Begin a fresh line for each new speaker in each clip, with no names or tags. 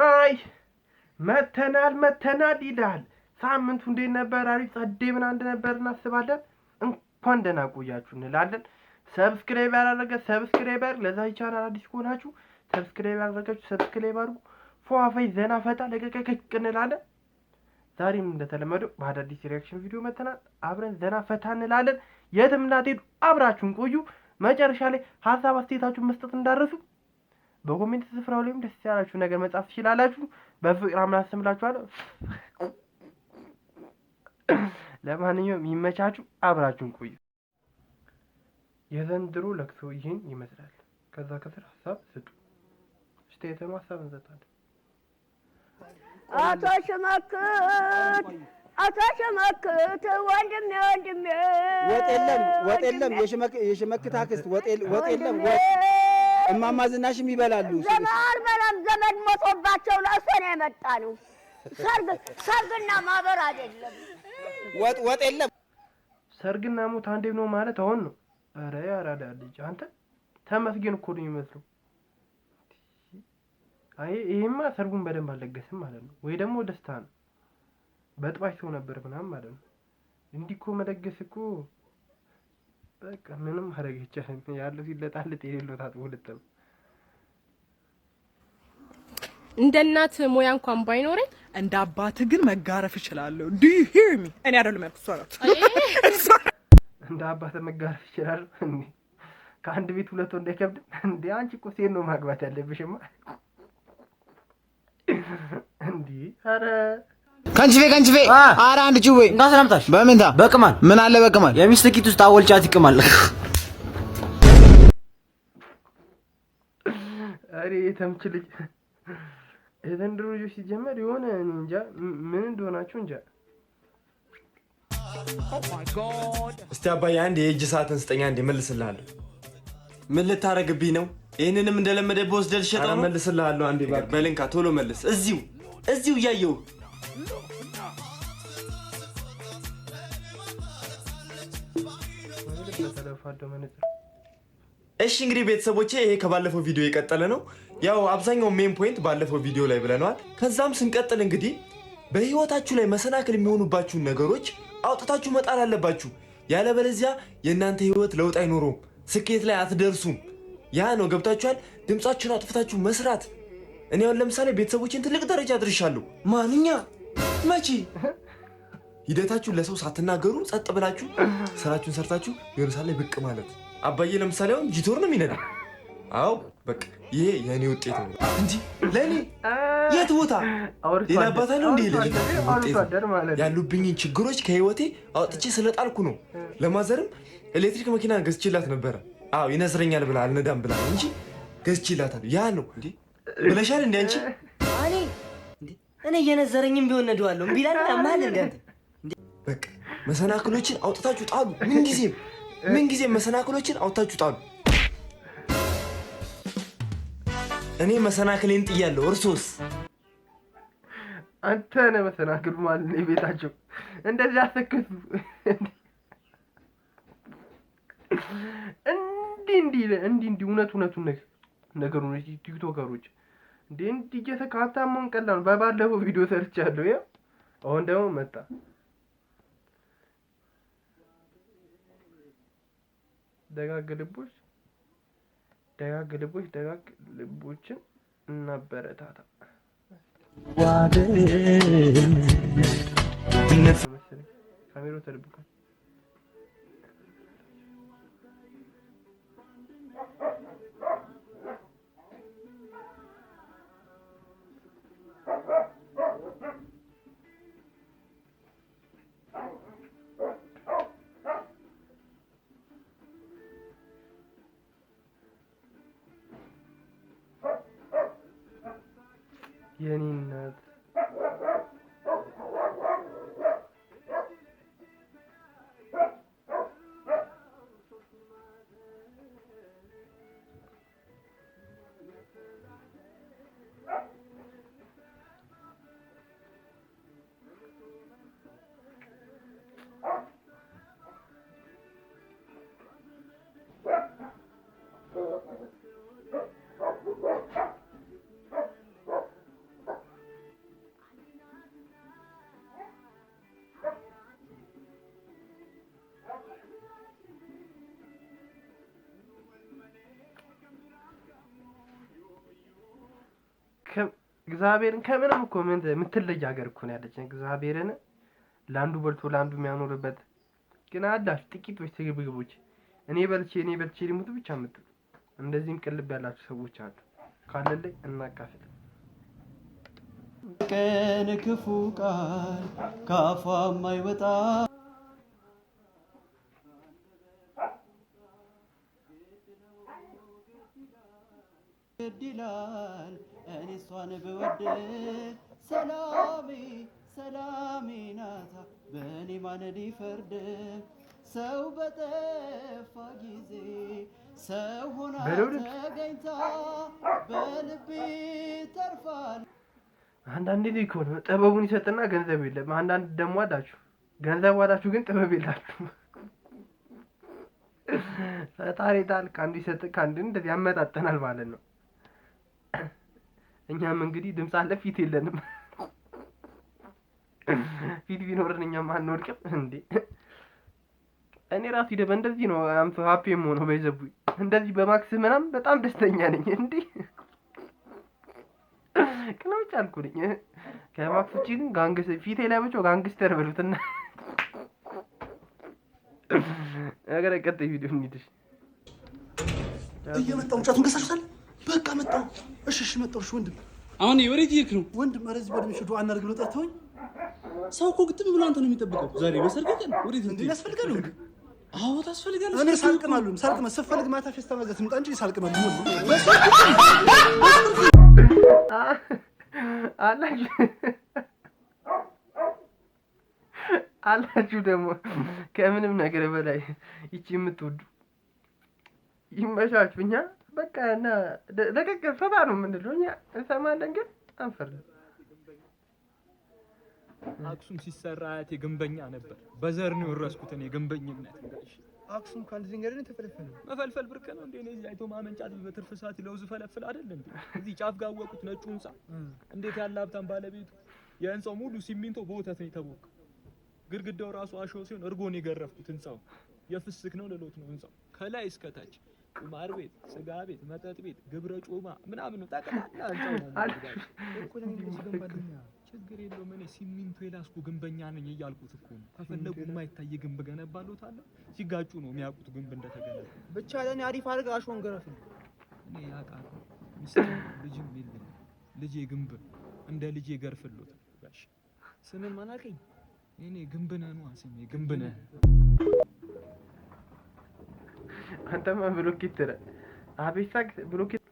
ዋይ መተናል መተናል ይላል። ሳምንቱ እንዴት ነበር? አሪፍ ጸዴ ምን አንድ ነበር እናስባለን። እንኳን ደህና ቆያችሁ እንላለን። ሰብስክራይብ ያላረገ ሰብስክራይበር ለዛ ቻናል አዲስ ከሆናችሁ ሰብስክራይብ ያላረጋችሁ ሰብስክራይብ አድርጉ። ፏፋይ ዘና ፈጣ ለቀቀቀቅ እንላለን። ዛሬም እንደተለመደው በአዳዲስ ሪያክሽን ቪዲዮ መተናል። አብረን ዘና ፈታ እንላለን። የትም እንዳትሄዱ አብራችሁን ቆዩ። መጨረሻ ላይ ሀሳብ አስተያየታችሁን መስጠት እንዳረሱ በኮሜንት ስፍራው ላይም ደስ ያላችሁ ነገር መጻፍ ትችላላችሁ። በፍቅር አምላክ ስም እላችኋለሁ። ለማንኛውም ይመቻችሁ፣ አብራችሁን ቆዩ።
የዘንድሮ ለቅሶ ይህን ይመስላል። ከዛ ከስር ሀሳብ ስጡ፣ አስተያየትም ሀሳብ እንሰጣለን።
አቶ ሸመክት አቶ ሸመክት ወንድሜ ወንድሜ፣
ወጥ የለም ወጥ የለም፣ የሸመክት አክስት ወጥ የለም ወጥ እማማ
ዝናሽም ይበላሉ። አልበላም። ዘመድ ሞቶባቸው ለእሱ ነው የመጣ ነው። ሰርግና
ማህበር አይደለም። ወጥ
ወጥ የለም። ሰርግና ሞት አንዴ ነው ማለት አሁን ነው። ኧረ ያራዳ ልጅ አንተ ተመስገን እኮ ነው የሚመስለው። አይ ይሄማ ሰርጉን በደንብ አለገስም ማለት ነው። ወይ ደግሞ ደስታ ነው በጥባሽ ሰው ነበር ምናምን ማለት ነው። እንዲህ እኮ መለገስ እኮ በቃ ምንም ማድረግ አይቻልም። ያለው ሲለጣልጥ የሌለው ታጥቦ ልጥም። ነው።
እንደ እናት ሙያ እንኳን ባይኖረኝ
እንደ አባት ግን መጋረፍ እችላለሁ። ዱ ዩ ሂር ሚ? እኔ አይደለም ያልኩት እሷ ናት።
እንደ አባት መጋረፍ ይችላል እንዴ ከአንድ ቤት ሁለት ወንድ አይከብድም እንዴ? አንቺ እኮ ሴት ነው ማግባት ያለብሽማ እንዴ! አረ
ከንችፌ ከንችፌ ኧረ አንድ
ጩቤ እንዳሰላምታሽ በምንታ
በቅማል ምን አለ
በቅማል የሚስት ኪት
ውስጥ አወልጫት ይቅማል።
አሪ ተምች ልጅ የዘንድሮ ልጆች ሲጀመር የሆነ እንጃ ምን እንደሆናችሁ እንጃ።
እስቲ አባዬ አንድ የእጅ ሰዓትን ስጠኝ፣ አንድ እመልስልሃለሁ። ምን ልታረግብኝ ነው? ይህንንም እንደለመደ በወስደል ሸጣ መልስልሃለሁ። አንዴ በልንካ ቶሎ መልስ፣ እዚሁ እዚሁ እያየሁ እሺ እንግዲህ ቤተሰቦቼ ይሄ ከባለፈው ቪዲዮ የቀጠለ ነው። ያው አብዛኛው ሜን ፖይንት ባለፈው ቪዲዮ ላይ ብለነዋል። ከዛም ስንቀጥል እንግዲህ በህይወታችሁ ላይ መሰናክል የሚሆኑባችሁን ነገሮች አውጥታችሁ መጣል አለባችሁ። ያለበለዚያ የእናንተ ህይወት ለውጥ አይኖረውም፣ ስኬት ላይ አትደርሱም። ያ ነው ገብታችኋል። ድምጻችሁን አጥፍታችሁ መስራት። እኔ አሁን ለምሳሌ ቤተሰቦችን ትልቅ ደረጃ አድርሻለሁ። ማንኛ መቼ ሂደታችሁ ለሰው ሳትናገሩ ጸጥ ብላችሁ ስራችሁን ሰርታችሁ የሆነ ላይ ብቅ ማለት። አባዬ ለምሳሌ አሁን ጂቶር ነው የሚነዳ። አዎ በቃ ይሄ የእኔ ውጤት ነው እንጂ ለእኔ የት ቦታ ሌላ አባት አለው እንዲ ያሉብኝን ችግሮች ከህይወቴ አውጥቼ ስለጣልኩ ነው። ለማዘርም ኤሌክትሪክ መኪና ገዝቼላት ነበረ። አዎ ይነስረኛል ብላ አልነዳም ብላ እንጂ ገዝቼላታል። ያ ነው እንዲ ብለሻል እንዲ አንቺ
እኔ እየነዘረኝም ቢሆን ነደዋለሁ። እምቢ እላለሁ። ያማል እንደ
በቃ መሰናክሎችን አውጥታችሁ ጣሉ። ምንጊዜም ምንጊዜም መሰናክሎችን አውጥታችሁ ጣሉ። እኔ መሰናክሌን ጥያለሁ። እርሶስ?
አንተ ነህ መሰናክሉ ማለት ነው። ቤታቸው እንደዚህ አሰክቱ እንዲህ እንዲህ እንዲህ እንዲህ እውነት እውነቱን ነገሩ ቲክቶከሮች እንዴ እንዲጀተ ካታመን ቀላል በባለፈው ቪዲዮ ሰርቻለሁ። ያ አሁን ደግሞ መጣ። ደጋግ ልቦች ደጋግ ልቦች ደጋግ ልቦችን እናበረታታ። ካሜራው ተደብቋል። Yeni inlerdi. እግዚአብሔርን ከምንም እኮ ምን የምትለይ ሀገር እኮ ነው ያለችን። እግዚአብሔርን ለአንዱ በልቶ ለአንዱ የሚያኖርበት ግን አዳሽ ጥቂቶች ትግብግቦች፣ እኔ በልቼ እኔ በልቼ ሊሞት ብቻ የምትሉ እንደዚህም ቅልብ ያላችሁ ሰዎች አሉ። ካለላይ እናካፍል። ቀን ክፉ ቃል ካፏ የማይወጣ ግድ ይላል እኔ እሷን ብወድ ሰላሜ ሰላሜ ናታ በእኔ ማን ሊፈርድ ሰው በጠፋ ጊዜ ሰው ሆና ተገኝታ በልቤ ተርፋል። አንዳንዴ ልጅ ከሆነ ጥበቡን ይሰጥና ገንዘብ የለም። አንዳንድ ደግሞ አላችሁ ገንዘብ አላችሁ ግን ጥበብ የላችሁ። ፈጣሪ ጣል ከአንዱ ይሰጥ ከአንዱ እንደዚህ ያመጣጠናል ማለት ነው። እኛም እንግዲህ ድምፅ አለ፣ ፊት የለንም። ፊት ቢኖርን እኛም አንወድቅም እንዴ! እኔ ራሱ ይደበ እንደዚህ ነው አምቶ ሀፒ የምሆነው በይዘቡ እንደዚህ በማክስ ምናም በጣም ደስተኛ ነኝ። እንዴ ቅናዎች አልኩ ከማክስ ውጭ ግን ጋንግስ ፊቴ ላይ ብቻ ጋንግስተር በሉትና ነገር ቀጣይ ቪዲዮ እንሂድሽ
እየመጣ ሙጫቱን ገሳችሁታል በቃ መጣሁ። እሺ፣ እሺ፣ መጣሁ። እሺ ወንድም፣ አሁን ወዴት እየሄድክ ነው ወንድም? ኧረ እዚህ በእድሜሽ ዱዓ እናድርግ ብለው ጠርተውኝ። ሰው እኮ ግጥም ብሎ አንተ ነው የሚጠብቀው ዛሬ በሰርግ ቀን። ወዴት እንዴ? ያስፈልጋል እንዴ? አዎ ታስፈልጋለህ። እኔ ሳልቅ ማሉን ሳልቅ መሰፈልግ ማታ ፌስታ ማዘት ምጣ እንጂ ሳልቅ ማሉ
አላችሁ አላችሁ። ደግሞ ከምንም ነገር በላይ ይቺ የምትወዱ ይመሻችሁ እኛ በቃ እና ለቀቅ ፈባ ነው የምንለው እኛ እንሰማለን፣ ግን አንፈርድም።
አክሱም ሲሰራ አያቴ ግንበኛ ነበር። በዘር ነው የወረስኩት እኔ ግንበኝነት።
አክሱም ካንድ ዝንገርን ተፈለፈለ። መፈልፈል ብርቅ ነው እንዴ? እዚህ አይቶ ማመንጫት በትርፍ ሰዓት ለውዝ ፈለፍል አይደል እንዴ? እዚህ ጫፍ ጋር ነጩ ህንፃ። እንዴት ያለ ሀብታም ባለቤቱ የህንፃው ሙሉ ሲሚንቶ በወተት ነው የተቦካ። ግድግዳው ራሱ አሸዋ ሲሆን እርጎን የገረፍኩት ህንፃው የፍስክ ነው ለሎት ነው ህንፃው ከላይ እስከታች ቁማር ቤት፣ ስጋ ቤት፣ መጠጥ ቤት፣ ግብረ ጮማ ምናምን ጠቅላላ ችግር የለውም። እኔ ሲሚንቶ የላስኩ ግንበኛ ነኝ እያልኩት እኮ ነው። ከፈለጉ የማይታይ ግንብ አለ። ሲጋጩ ነው የሚያውቁት ግንብ እንደተገነ። ብቻ ለእኔ አሪፍ አድርገህ አሸን ገረፍ እኔ ያውቃለሁ። ምስል ልጅም የለኝም። ልጄ ግንብ እንደ ልጄ ገርፍሎት ጋሽ ስምን ማናቀኝ እኔ ግንብ ነህ ነዋ ስሜ ግንብ ነህ
አንተማ ብሎኬት ትረ አቤት ሳቅ ብሎኬት።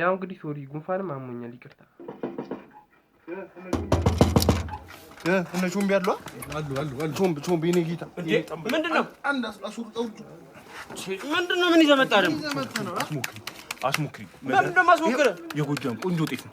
ያው እንግዲህ ሶሪ፣ ጉንፋንም አሞኛል፣ ይቅርታ።
እነ ቾምቢ አሉ አሉ አሉ አሉ። ቾምቢ ቾምቢ፣ እኔ ጌታ
ምንድን ነው አንድ አስወጣው። ምንድን ምን ይዘህ መጣህ ደግሞ?
አስሞክሪ አስሞክሪ።
ምንድን ነው የማስሞክር?
የጎጃም ቆንጆ ጤፍ ነው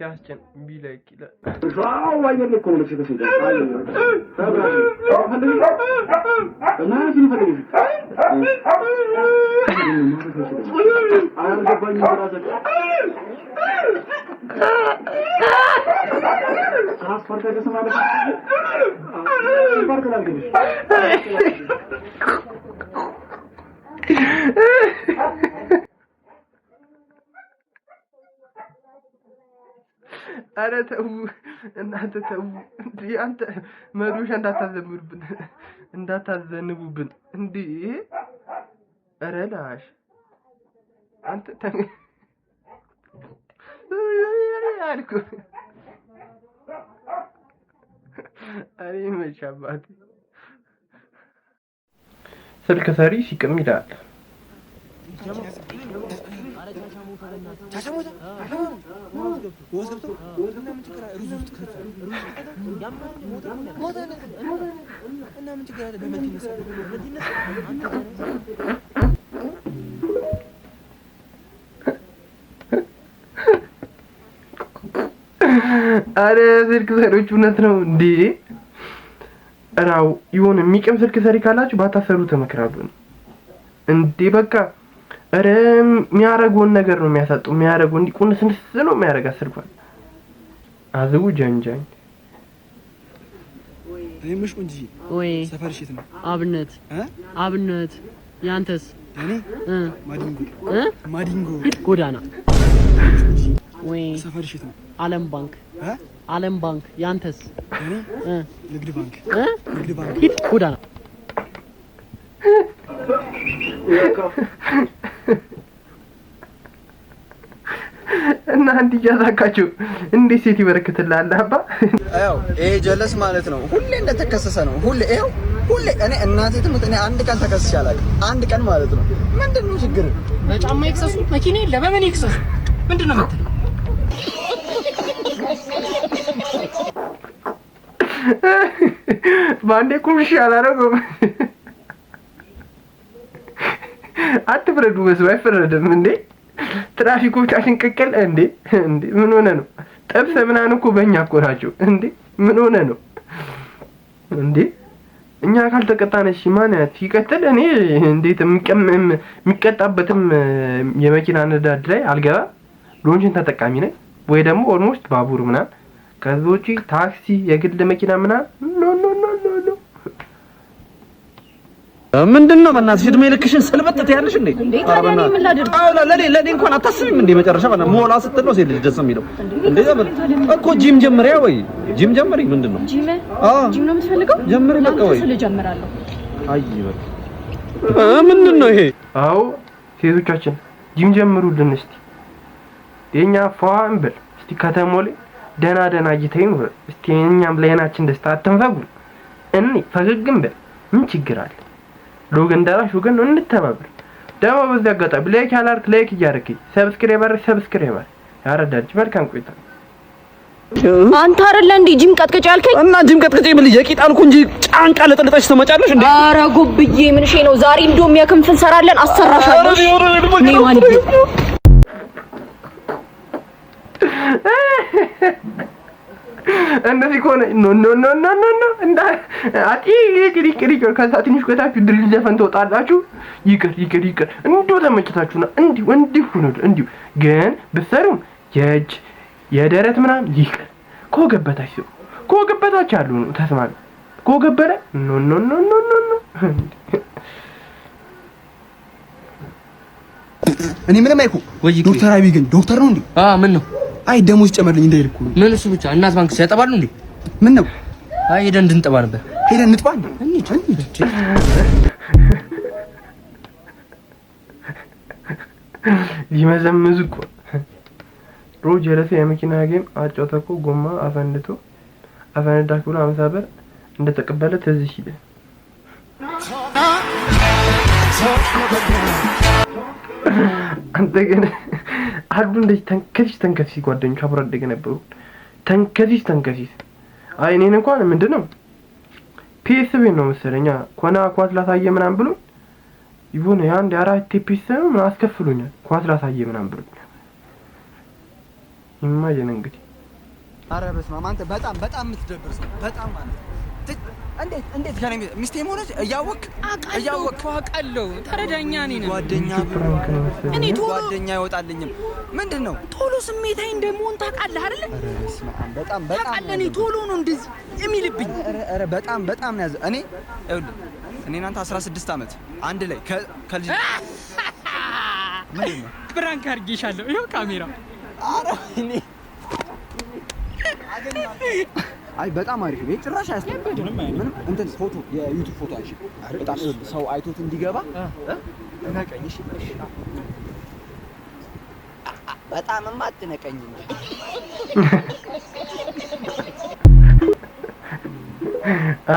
Kâhçen bilekle.
Ağız parçası var. Parçalar gelir.
አረ ተው እናንተ ተው። እንዲህ አንተ መዶሻ እንዳታዘንቡብን እንዳታዘንቡብን። እንዲህ ኧረ ላሽ አንተ አልኩ። አሪ መቻባት አባቴ። ስልክ ሰሪ ሲቅም ይላል። አረ ስልክ ሰሪዎች እውነት ነው እንዴ? ራው የሆነ የሚቀም ስልክ ሰሪ ካላችሁ ባታሰሩ ተመክራሉ። እንዴ በቃ ኧረ የሚያረጉን ነገር ነው የሚያሳጡ የሚያረጉ እንዲህ ቁንስ ንስ ነው የሚያደርግ አስርጓል አዝቡ ጃንጃኝ
ይምሽ ቁንጂ ወይ
ሰፈር ሽት ነው አብነት አብነት
ያንተስ እኔ ማዲንጎ
ማዲንጎ ጎዳና ወይ ሰፈር ሽት ነው አለም ባንክ አለም ባንክ ያንተስ
እኔ ንግድ ባንክ
ንግድ ባንክ ጎዳና
እና አንድ እያዛካችሁ እንዴት ሴት ይበረክትልሃል?
አባ ያው ይሄ ጀለስ ማለት ነው። ሁሌ እንደተከሰሰ ነው። ሁሌ ይኸው ሁሌ እኔ እናቴ ትምህርት እኔ አንድ ቀን ተከስሼ አላውቅም። አንድ ቀን ማለት ነው። ምንድን ነው ችግር?
በጫማ ይክሰሱ፣ መኪና የለ በምን ይክሰሱ? ምንድን ነው የምትለው?
በአንዴ ቁምሽ አላደረገውም አትፍረዱ። በሰው አይፈረድም እንዴ! ትራፊኮቻችን ቅቅል እንዴ! እንዴ! ምን ሆነ ነው? ጥብስ ምናምን እኮ በእኛ እኮ ናቸው እንዴ! ምን ሆነ ነው እንዴ! እኛ ካልተቀጣን እሺ፣ ማን ሲቀጥል እኔ እንዴት የሚቀጣበትም የመኪና ነዳድ ላይ አልገባ ሎንችን ተጠቃሚ ነኝ ወይ ደግሞ ኦልሞስት ባቡር ምናምን ከዚህ ውጪ ታክሲ፣ የግል መኪና ምናምን ኖ ኖ ኖ
ምንድን ነው በእናትሽ? እድሜ ልክሽን ስልበጥት ያለሽ እንዴ? ለእኔ እንኳን አታስብም እንዴ? መጨረሻ ሞላ ስትል ነው ሴት ልጅ ደስ የሚለው እኮ። ጂም ጀምሪያ ወይ ጂም ጀምሪ።
ምንድን ነው ጂም ነው የምትፈልገው? ጀምሪ በቃ ወይ
አይ
ምንድን ነው ይሄ? አዎ ሴቶቻችን ጂም ጀምሩልን እስቲ፣ የኛ ፏን ብል እስቲ። ከተማው ደና ደና ደህና እስቲ። እኛም ለዓይናችን ደስታ አትንፈጉን። እኔ ፈገግም ብል ምን ችግር አለ? ሉግ እንዳላሽ ግን እንተባበር። ደግሞ በዚህ አጋጣሚ ላይክ ያላርክ ላይክ እያርክ ሰብስክራይበር ሰብስክራይበር ያረዳጅ። መልካም ቆይታ።
አንተ አይደለ እንዴ ጅም
ቀጥቀጭ ያልከኝ? እና ጅም ቀጥቀጭ ብል የቂጣን እኮ እንጂ ጫንቃ ለጠለጠሽ ትመጫለሽ እንዴ?
አረ ጉብዬ ምን ሼ ነው ዛሬ? እንደውም የክንፍ እንሰራለን፣ አሰራሻለሁ እኔ ማለት ነው።
እንደዚህ ከሆነ ኖ ኖ ኖ ኖ ኖ ኖ እንዳ አጢ ይቅር ይቅር ይቅር። ከዛ ትንሽ ቆይታችሁ ድሪል ዘፈን ትወጣላችሁ። ይቅር ይቅር ይቅር። እንዲሁ ተመችታችሁና እንዲሁ እንዲሁ ነው እንዲሁ። ግን ብትሰሩም የእጅ የደረት ምናምን ይቅር። ከወገበታች ሰው ከወገበታች አሉ ነው ተስማሚ። ከወገበረ ኖ ኖ ኖ ኖ ኖ ኖ
እኔ ምንም አይኩ ዶክተር አብይ ግን ዶክተር ነው እንዴ? አ
ምን ነው አይ
ደሞዝ ጨመርልኝ እንዳይል እኮ
ምን እሱ ብቻ እናት ባንክ ሲያጠባሉ እንዴ? ምን ነው? አይ ሄደን እንድንጠባ ነበር።
ሄደን እንጥባ እንዴ?
ይመዘምዝ እኮ ሮጅ የለሰ የመኪና ጌም አጫውተኮ ጎማ አፈንድቶ አፈነዳክ ብሎ አምሳ ብር እንደተቀበለ ትዝ ሲል አንተ ግን አዱ እንደዚህ ተንከሲስ ተንከሲስ ጓደኞች አብሮ አደገ ነበሩ። ተንከሲስ ተንከሲስ አይ እኔን እንኳን ምንድነው ነው ነው መሰለኛ ኮና ኳስ ላሳየ ምናምን ብሎ ይሁን የአንድ የአራት ፒስ ነው ምን አስከፍሉኛል። ኳስ ላሳየ ምናምን ብሎ ኢማጂን እንግዲህ።
አረ በስመ አንተ በጣም በጣም የምትደብር ሰው በጣም ማለት እንዴት እንዴት ከኔ ሚስቴ መሆነች እያወቅ
እያወቅ አውቃለሁ።
ተረዳኛ ነኝ። ጓደኛ እኔ ቶሎ ጓደኛ አይወጣልኝም።
ምንድን ነው ቶሎ ስሜታዊ እንደመሆን
ታውቃለህ አይደለ? በጣም በጣም
ታውቃለህ። እኔ ቶሎ ነው እንደዚህ የሚልብኝ።
ኧረ በጣም በጣም ነው ያዘ። እኔ ይኸውልህ፣ እኔ እናንተ 16 ዓመት አንድ ላይ ከልጅ
ብራንክ አድርጌሻለሁ። ይኸው
ካሜራ። ኧረ እኔ አይ በጣም አሪፍ ነው። ጭራሽ አያስጠላም። ምንም እንትን ፎቶ የዩቲዩብ ፎቶ አይሽ በጣም ሰው አይቶት እንዲገባ እናቀኝ። እሺ በጣም አትነቀኝ እንጂ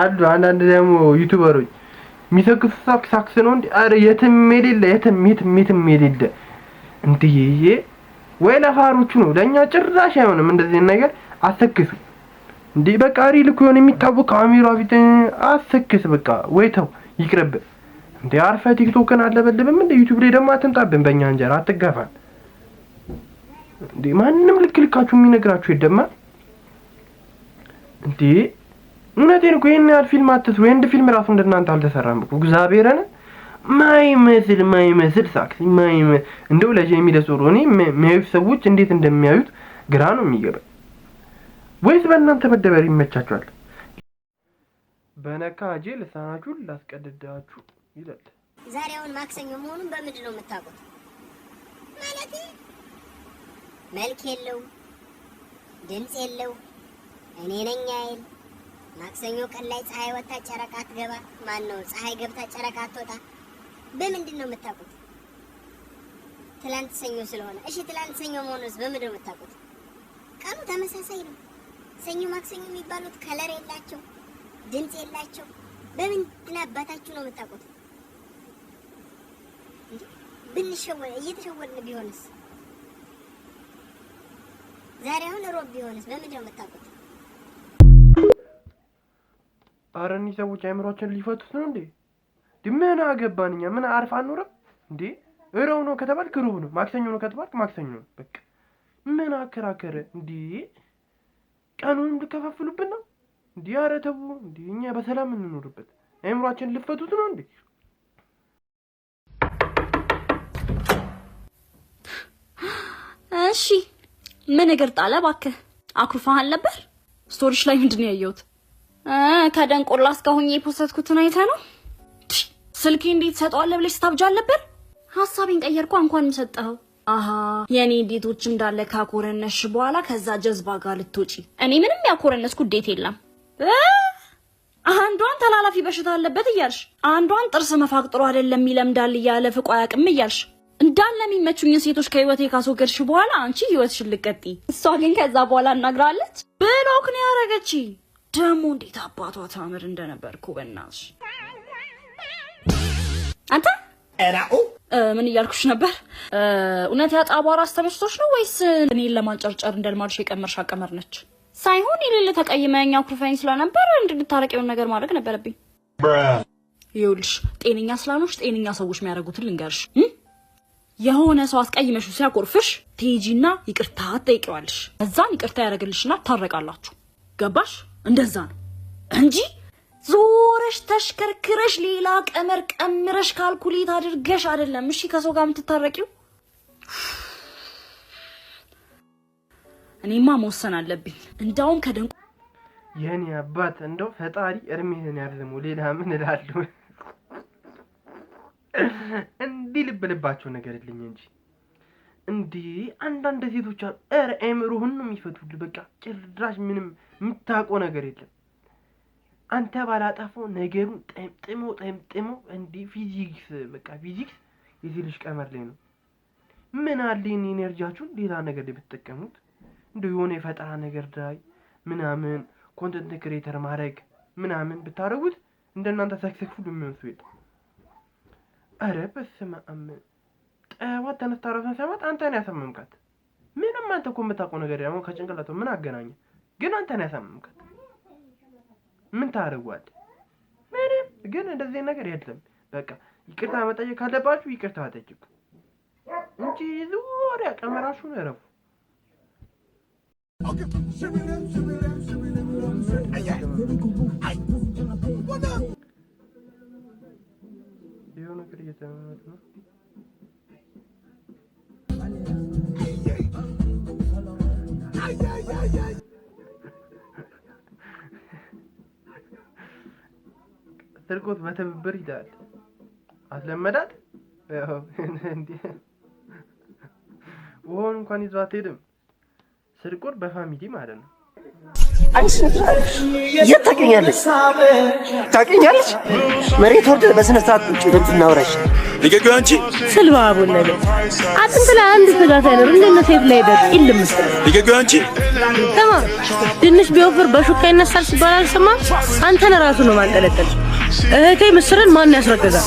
አሉ። አንዳንድ ደግሞ ዩቲዩበሮች የሚሰክሱ ሳክ ሳክስ ነው እንዴ? አረ የትም የሌለ የትም የትም የትም የሌለ እንዴ! ወይ ለፋሮቹ ነው፣ ለኛ ጭራሽ አይሆንም። እንደዚህ ነገር አትሰክሱ። እንዴ በቃ ሪል እኮ የሆነ የሚታወቅ አሚሮ አቢት አትክስ። በቃ ወይ ተው ይቅርብ። እንዴ አርፈ ቲክቶክን አለበልብም። እንዴ ዩቲዩብ ላይ ደግሞ አትምጣብን። በእኛ እንጀራ አትገፋን እንዴ ማንም ልክ ልካችሁ የሚነግራችሁ የደማ እንዴ እውነቴን እኮ ይህን ያህል ፊልም አትስሩ። የህንድ ፊልም ራሱ እንደናንተ አልተሰራም እኮ እግዚአብሔርን ማይመስል ማይመስል ሳክሲ ማይመስል እንደው ለጄ ለሶሮኒ እኔ የሚያዩት ሰዎች እንዴት እንደሚያዩት ግራ ነው የሚገባ ወይስ በእናንተ መደበር ይመቻችኋል? በነካ እጄ ልሳናችሁን ላስቀድዳችሁ ይላል።
ዛሬውን ማክሰኞ መሆኑን በምንድን ነው የምታውቁት? ማለት መልክ የለው ድምፅ የለው እኔ ነኝ አይል። ማክሰኞ ቀን ላይ ፀሐይ ወጣ ጨረቃ አትገባ። ማን ነው ፀሐይ ገብታ ጨረቃ አትወጣ? በምንድን ነው የምታውቁት? ትላንት ሰኞ ስለሆነ እሺ፣ ትላንት ሰኞ መሆኑስ በምንድን ነው የምታውቁት? ቀኑ ተመሳሳይ ነው። ሰኞ ማክሰኞ የሚባሉት ከለር የላቸው፣ ድምፅ የላቸው። በምንድን አባታችሁ ነው የምታውቁት? ብንሸወል እየተሸወልን ቢሆንስ? ዛሬ አሁን ሮብ ቢሆንስ በምንድን ነው የምታውቁት?
አረ እኒህ ሰዎች አይምሯችን ሊፈቱት ነው እንዴ? ምን አገባን እኛ? ምን አርፍ አንኖርም እንዴ? እረው ነው ከተባልክ ሩብ ነው፣ ማክሰኞ ነው ከተባልክ ማክሰኞ ነው። በቃ ምን አከራከረ እንዴ? ቀኑንም ልከፋፍሉብን ነው? እንዲህ ኧረ ተው እኛ በሰላም እንኖርበት። አይምሯችን ልፈቱት ነው እንዴ?
እሺ ምን እግር ጣለ? እባክህ አኩርፈሃል ነበር። ስቶሪሽ ላይ ምንድን ነው ያየሁት? ከደንቆላ እስካሁን የፖሰትኩትን አይተህ ነው? ስልኬ እንዴት ሰጠዋለህ ብለሽ ስታብጃ አልነበር? ሀሳቤን ቀየርኩ። እንኳን ሰጠኸው አሀ የእኔ እንዴቶች እንዳለ ካኮረነሽ በኋላ ከዛ ጀዝባ ጋር ልትወጪ። እኔ ምንም ያኮረነስኩ ዴት የለም። አንዷን ተላላፊ በሽታ አለበት እያልሽ፣ አንዷን ጥርስ መፋቅ ጥሩ አይደለም ይለምዳል እያለ ፍቆ አያውቅም እያልሽ እንዳለ የሚመቹኝ ሴቶች ከህይወቴ ካስወገድሽ በኋላ አንቺ ህይወትሽን ልቀጢ። እሷ ግን ከዛ በኋላ እናግራለች ብሎክ ነው ያደረገች። ደግሞ እንዴት አባቷ ታምር እንደነበርኩ በናትሽ አንተ ምን እያልኩሽ ነበር? እውነት ያጣ አስተመስቶች ነው ወይስ እኔን ለማንጨርጨር እንደልማድሽ የቀመርሽ አቀመር ነች? ሳይሆን የሌለ ተቀይመኛ ኩርፈኝ ስለነበር እንድንታረቅ የሆነ ነገር ማድረግ ነበረብኝ። ይኸውልሽ ጤነኛ ስላኖች ጤነኛ ሰዎች የሚያደርጉትን ልንገርሽ። የሆነ ሰው አስቀይመሽ ሲያኮርፍሽ ትሄጂና ይቅርታ ትጠይቂዋለሽ። እዛን ይቅርታ ያደርግልሽና ታረቃላችሁ። ገባሽ? እንደዛ ነው እንጂ ዞረሽ ተሽከርክረሽ ሌላ ቀመር ቀምረሽ ካልኩሌት አድርገሽ አይደለም። እሺ ከሰው ጋር የምትታረቂው እኔማ መወሰን አለብኝ። እንዳውም ከደንቁ የኔ አባት እንደው ፈጣሪ እድሜህን ያርዝመው። ሌላ ምን እላለሁ? እንዲህ ልብ ልባቸው ነገር የለኝ እንጂ እንዲህ አንዳንድ ሴቶች ኧረ አእምሮህን ነው የሚፈቱልህ። በቃ ጭራሽ ምንም የምታውቀው ነገር የለም። አንተ ባላጠፋው ነገሩ ጠምጥሞ ጠምጥሞ እንዲህ ፊዚክስ በቃ ፊዚክስ የዚህ ልጅ ቀመር ላይ ነው። ምን አለ ኢነርጂያችሁን ሌላ ነገር ላይ ብትጠቀሙት እንደ የሆነ የፈጠራ ነገር ላይ ምናምን ኮንተንት ክሬተር ማድረግ ምናምን ብታደርጉት እንደናንተ ሰክሰስፉል የሚሆን ሰው የለም። አረ በስመ አብ ጠዋት ተነስታ ራሷን ሲያማት አንተ ነው ያሳመምካት። ምንም አንተ እኮ የምታውቀው ነገር ደግሞ ከጭንቅላቱ ምን አገናኘ? ግን አንተ ነው ያሳመምካት። ምን ታደርጓል? ምንም ግን እንደዚህ ነገር የለም። በቃ ይቅርታ መጠየቅ ካለባችሁ ይቅርታ ጠይቁ እንጂ ዙሪያ ቀመራችሁን እረፉ። የሆነ ነገር እየተመመጡ
ነው ስርቆት በትብብር ይዳል አስለመዳት ውሃውን እንኳን ይዞ አትሄድም። ስርቆት በፋሚሊ ማለት ነው።
የት ታገኛለች? ታገኛለች መሬት ወርደ በስነ ስርዓት ቁጭ ብለን እናውራሽ።
ንገግ አንቺ ስልባ አቡን ነገር አጥንት ላይ አንድ ስጋት አይኖር እንደነ ሴት ላይ ደግ ይልም ንገግ አንቺ ተማ ድንሽ ቢወፍር በሹካ ይነሳል ሲባል አልሰማም። አንተን ራሱ ነው ማንጠለጠል እህቴ ምስርን ማን ያስረግዛል?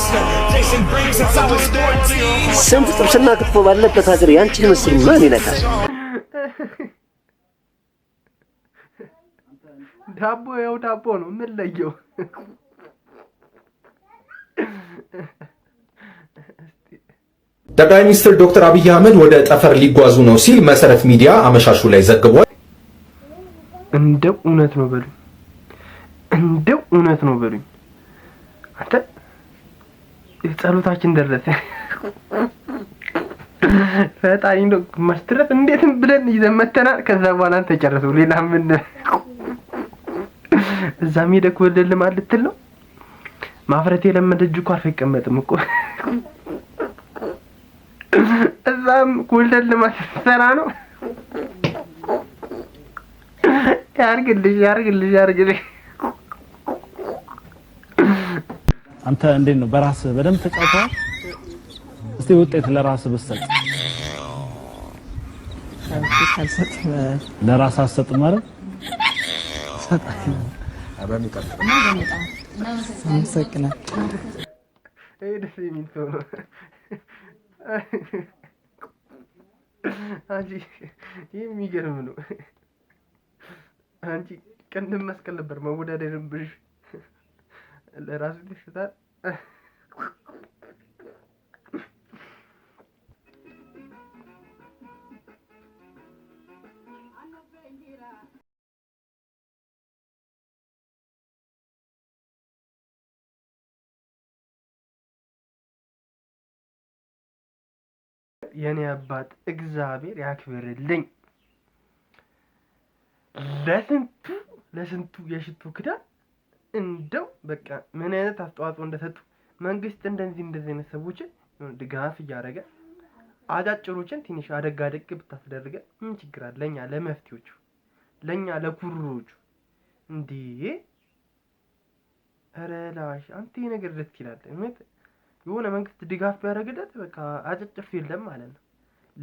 ስንት ጥብስና ክትፎ ባለበት ሀገር ያንቺን ምስር ማን ይነካል?
ዳቦ ያው ዳቦ ነው፣ ምን ለየው?
ጠቅላይ ሚኒስትር ዶክተር አብይ አህመድ ወደ ጠፈር ሊጓዙ ነው ሲል መሰረት ሚዲያ አመሻሹ ላይ ዘግቧል።
እንደው እውነት ነው በሉኝ፣ እንደው እውነት ነው በሉኝ። አንተ የጸሎታችን ደረሰ። ፈጣሪ እንደው ግማሽ ትረፍ እንዴትም ብለን ይዘመተናል። ከዛ በኋላ አንተ ተጨረሰው ሌላ ምን እዛም ሄደህ ወልደልም ልልም ልትል ነው። ማፍረት የለመደ እጅ እኮ አርፎ አይቀመጥም እኮ እዛም ኮልደል ልማት ነው። ያርግልሽ ያርግልሽ ያርግልሽ አንተ እንዴት ነው በራስ በደንብ ተጫውተሃል? እስቲ ውጤት ለራስ ብትሰጥ ለራስ አሰጥ ማለት የሚገርም ነው። አንቺ ቅንድም መስቀል ነበር መወዳደር ለራሱ ደስታ የኔ አባት እግዚአብሔር ያክብርልኝ። ለስንቱ ለስንቱ የሽቱ ክዳን እንደው በቃ ምን አይነት አስተዋጽኦ እንደሰጡ መንግስት እንደዚህ እንደዚህ አይነት ሰዎችን ድጋፍ እያደረገ አጫጭሮችን ትንሽ አደግ አደግ ብታስደርገ ምን ችግር አለ? ለእኛ ለመፍትዎቹ ለእኛ ለኩሮቹ እንዴ ረላሽ አንተ ነገር ደስ ይላል። እውነት የሆነ መንግስት ድጋፍ ቢያደርግለት በቃ አጫጭር ፊልም ማለት ነው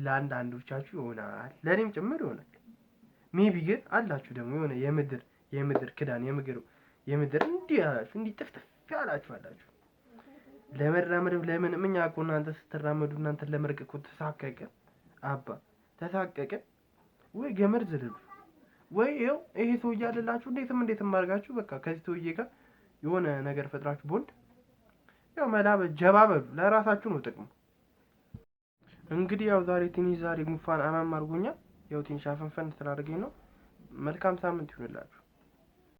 ለአንዳንዶቻችሁ ይሆናል፣ ለእኔም ጭምር ይሆናል። ሜቢ ግን አላችሁ ደግሞ የሆነ የምድር የምድር ክዳን የምግር የምድር እንዲህ ያላችሁ እንዲህ ጥፍጥፍ ያላችሁ አላችሁ ለመራመድ ለምን እኛ እኮ እናንተ ስትራመዱ እናንተ ለመርቅ እኮ ተሳቀቅን። አባ ተሳቀቅን ወይ ገመድ ዝልሉ ወይ ይኸው ይሄ ሰውዬ አለላችሁ። እንዴትም እንዴትም አድርጋችሁ በቃ ከዚህ ሰውዬ ጋር የሆነ ነገር ፈጥራችሁ ቦንድ ያው መላበ ጀባ ለራሳችሁ ነው ጥቅሙ። እንግዲህ ያው ዛሬ ትንሽ ዛሬ ጉንፋን አመም አድርጎኛል። ያው ትንሽ አፈንፈን ስላርገኝ ነው። መልካም ሳምንት ይሁንላችሁ።